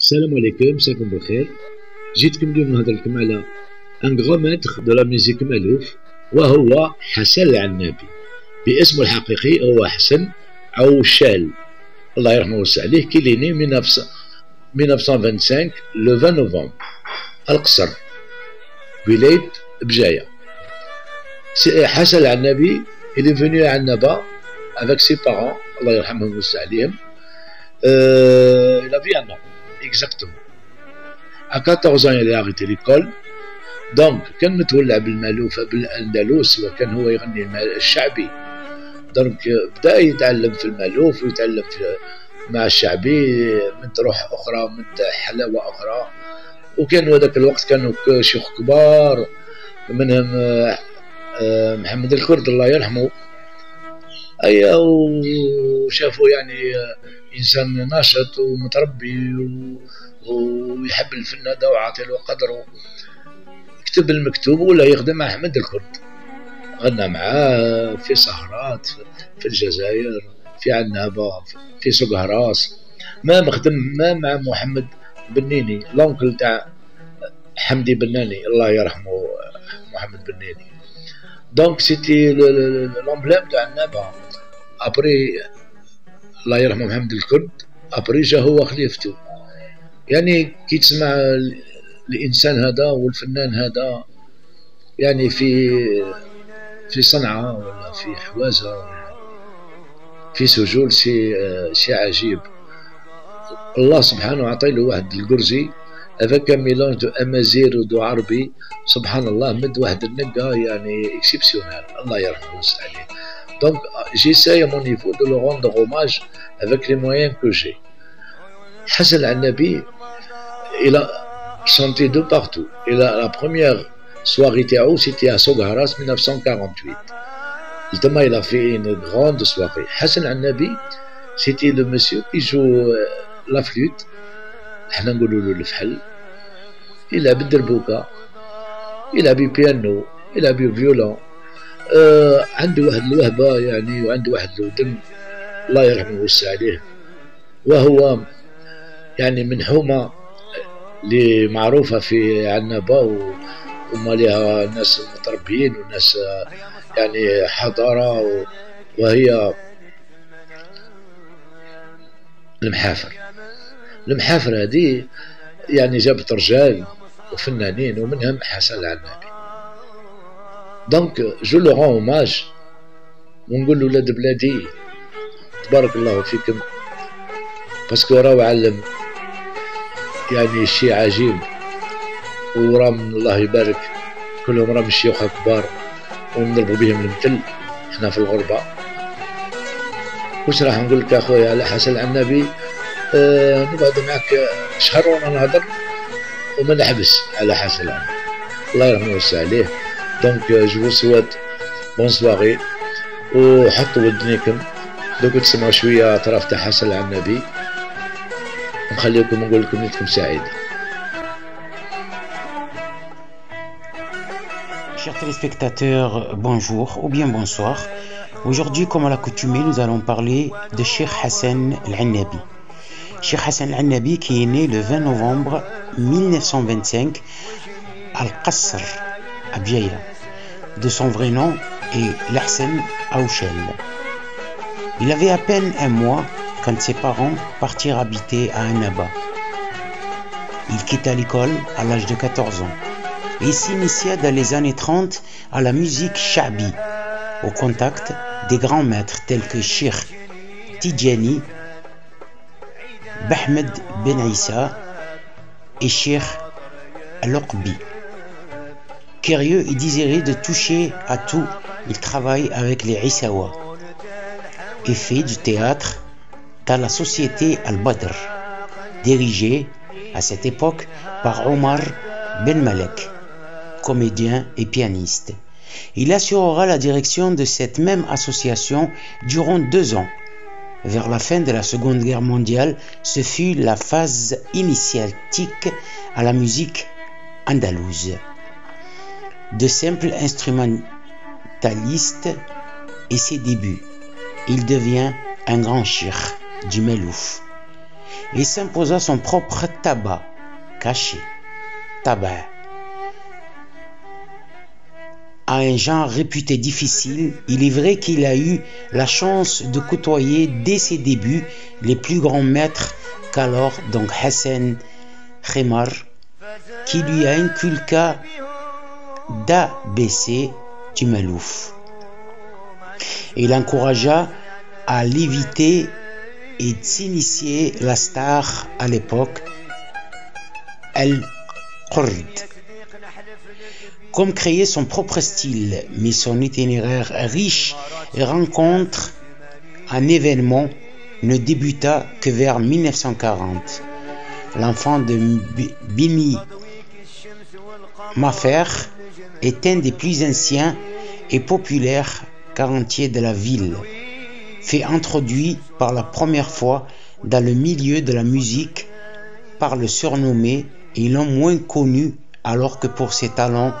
السلام عليكم مساكم بالخير جيتكم اليوم نهضر لكم على ان غوميتر دو لا ميوزيك مالوف وهو حسن العنابي باسمه الحقيقي هو حسن عوشال الله يرحمه ويوسع عليه كي من 1925 لو 20 نوفمبر القصر ولاية بجاية حسن العنابي اللي est عنابة افيك سي بارون الله يرحمهم ويوسع عليهم, euh, لا a exactement. à 14 ans il a arrêté l'école Donc, quand on le دونك كان متولع بالمالوفه بالاندلس وكان هو يغني الشعبي دونك بدا يتعلم في المالوف ويتعلم في مع الشعبي من تروح اخرى من حلاوه اخرى وكان هذاك الوقت كانوا شيوخ كبار منهم آه، آه، محمد الكرد الله يرحمه اي أيوه، وشافوا يعني آه، إنسان ناشط ومتربي ويحب الفن هذا وعاطي له قدره كتب المكتوب ولا يخدم أحمد الكرد غنى معاه في سهرات في الجزائر في عنابة في سوق هراس ما مخدم ما مع محمد بنيني لونكل تاع حمدي بناني الله يرحمه محمد بناني دونك سيتي لومبلام تاع النابا ابري الله يرحمه محمد الكرد أبريجا هو خليفته يعني كي تسمع الإنسان هذا والفنان هذا يعني في في صنعاء ولا في حوازة في سجول شي شي عجيب الله سبحانه عطى له واحد القرزي هذاك ميلونج دو امازير ودو عربي سبحان الله مد واحد النقه يعني اكسبسيونال الله يرحمه ويستر عليه Donc, j'essaye à mon niveau de le rendre hommage avec les moyens que j'ai. Hassan al-Nabi, il a chanté de partout. Et la, première soirée Théo, c'était à Sogharas 1948. il a fait une grande soirée. Hassan al-Nabi, c'était le monsieur qui joue euh, la flûte. Il a le bouka. Il a le piano. Il a le violon. آه عندي واحد الوهبه يعني وعندي واحد الودن الله يرحمه ويوسع عليه وهو يعني من حومه اللي معروفه في عنابه وماليها لها ناس متربيين وناس يعني حضاره وهي المحافر المحافر هذه يعني جابت رجال وفنانين ومنهم حسن العنابي دونك جو لو رون اوماج ونقول لولاد بلادي تبارك الله فيكم باسكو راهو علم يعني شي عجيب ورام الله يبارك كلهم راهم شيوخ كبار ونضربوا بهم المثل حنا في الغربه واش راح نقول لك اخويا على حسن العنبي أه نقعد معك شهر وانا نهضر وما نحبس على حسن العنبي الله يرحمه ويوسع عليه Donc euh, je vous souhaite bonne soirée وحطوا ودنيكم تسمعوا شويه طرف تاع حسن النبي نخليكم نقول لكم Chers téléspectateurs, bonjour ou bien bonsoir. Aujourd'hui, comme à l'accoutumée, nous allons parler de Sheikh Hassan Al-Annabi. Sheikh Hassan Al-Annabi qui est né le 20 novembre 1925 à Al-Qasr, de son vrai nom est Larsen Aouchel. Il avait à peine un mois quand ses parents partirent habiter à Annaba. Il quitta l'école à l'âge de 14 ans et s'initia dans les années 30 à la musique shabi, au contact des grands maîtres tels que Shir Tidjani, Bahmed Ben Issa et Shir al Curieux et désireux de toucher à tout, il travaille avec les Issawa et fait du théâtre dans la société Al-Badr, dirigée à cette époque par Omar Ben Malek, comédien et pianiste. Il assurera la direction de cette même association durant deux ans. Vers la fin de la Seconde Guerre mondiale, ce fut la phase initiatique à la musique andalouse de simple instrumentaliste et ses débuts, il devient un grand chir du Melouf Il s'imposa son propre tabac caché, tabac, à un genre réputé difficile, il est vrai qu'il a eu la chance de côtoyer dès ses débuts les plus grands maîtres qu'alors, donc Hassan Khemar, qui lui a inculqué d'ABC Tumalouf. Et il encouragea à l'éviter et d'initier la star à l'époque, Al-Qurd. Comme créer son propre style, mais son itinéraire riche et rencontre un événement ne débuta que vers 1940. L'enfant de Bini Mafer est un des plus anciens et populaires quartiers de la ville, fait introduit par la première fois dans le milieu de la musique par le surnommé et l'homme moins connu alors que pour ses talents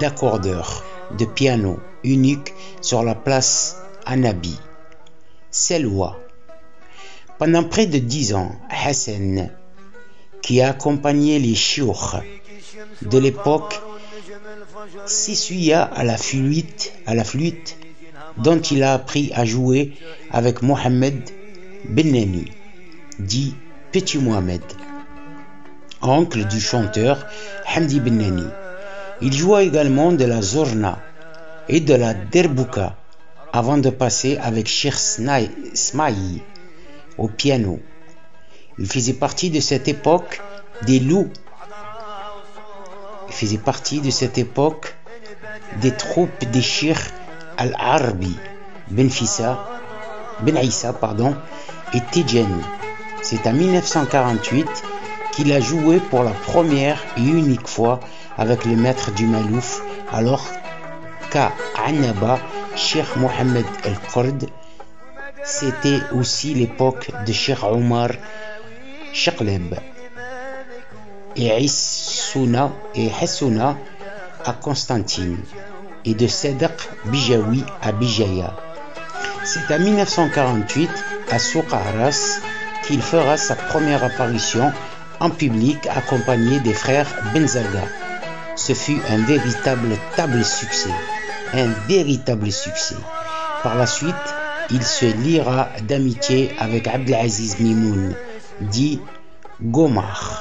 d'accordeur de piano unique sur la place Anabi. Selwa. Pendant près de dix ans, Hassan, qui a accompagné les Chiours de l'époque s'essuya à la flûte, à la flûte dont il a appris à jouer avec Mohamed Bennani, dit Petit Mohamed, oncle du chanteur Hamdi Bennani. Il joua également de la zorna et de la Derbuka avant de passer avec Sheikh Smaï au piano. Il faisait partie de cette époque des loups il faisait partie de cette époque des troupes des Cheikh Al-Arbi, Ben pardon, et Tijen. C'est en 1948 qu'il a joué pour la première et unique fois avec le maître du Malouf, alors qu'à Annaba, Sheikh Mohamed el kurd c'était aussi l'époque de Sheikh Omar Chakleb et Hassouna à Constantine et de Sedek Bijawi à Bijaya. C'est en 1948, à Soukharas, qu'il fera sa première apparition en public accompagné des frères Benzaga. Ce fut un véritable table succès, un véritable succès. Par la suite, il se liera d'amitié avec Abdelaziz Mimoun, dit Gomar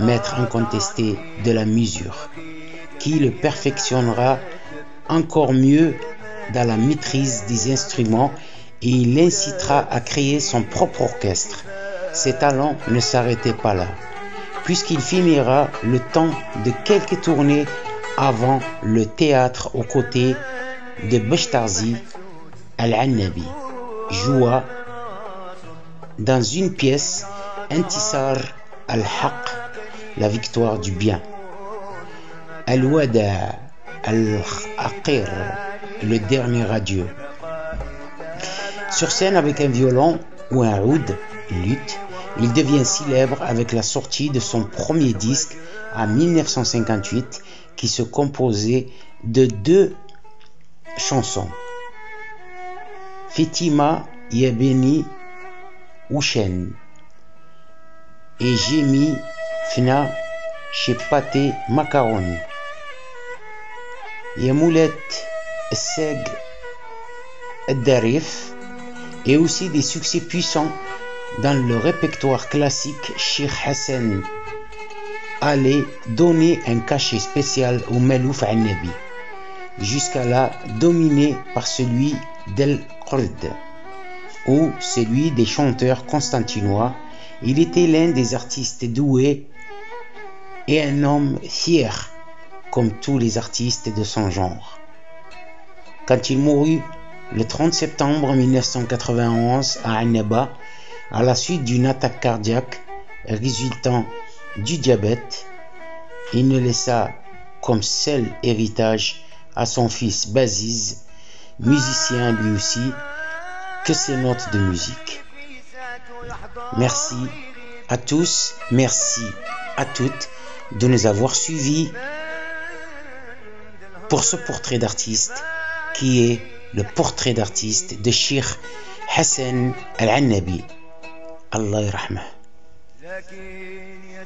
maître incontesté de la mesure, qui le perfectionnera encore mieux dans la maîtrise des instruments et il l'incitera à créer son propre orchestre. Ses talents ne s'arrêtaient pas là, puisqu'il finira le temps de quelques tournées avant le théâtre aux côtés de Bechtarzi Al-Annabi, joua dans une pièce Intisar al-Haq la victoire du bien. Al-Wada al aqir le dernier adieu. Sur scène avec un violon ou un oud, lutte, il devient célèbre avec la sortie de son premier disque en 1958 qui se composait de deux chansons. Fetima Yebeni Houchen et Jimmy Fina chez Pate macaroni. Yamoulet Seg Darif et aussi des succès puissants dans le répertoire classique Shir Hassan allait donner un cachet spécial au Melouf nabi jusqu'à là dominé par celui d'El Qurd ou celui des chanteurs constantinois. Il était l'un des artistes doués et un homme fier comme tous les artistes de son genre. Quand il mourut le 30 septembre 1991 à Annaba, à la suite d'une attaque cardiaque résultant du diabète, il ne laissa comme seul héritage à son fils Baziz, musicien lui aussi, que ses notes de musique. Merci à tous, merci à toutes de nous avoir suivis pour ce portrait d'artiste qui est le portrait d'artiste de Sheikh Hassan Al-Annabi. Allah y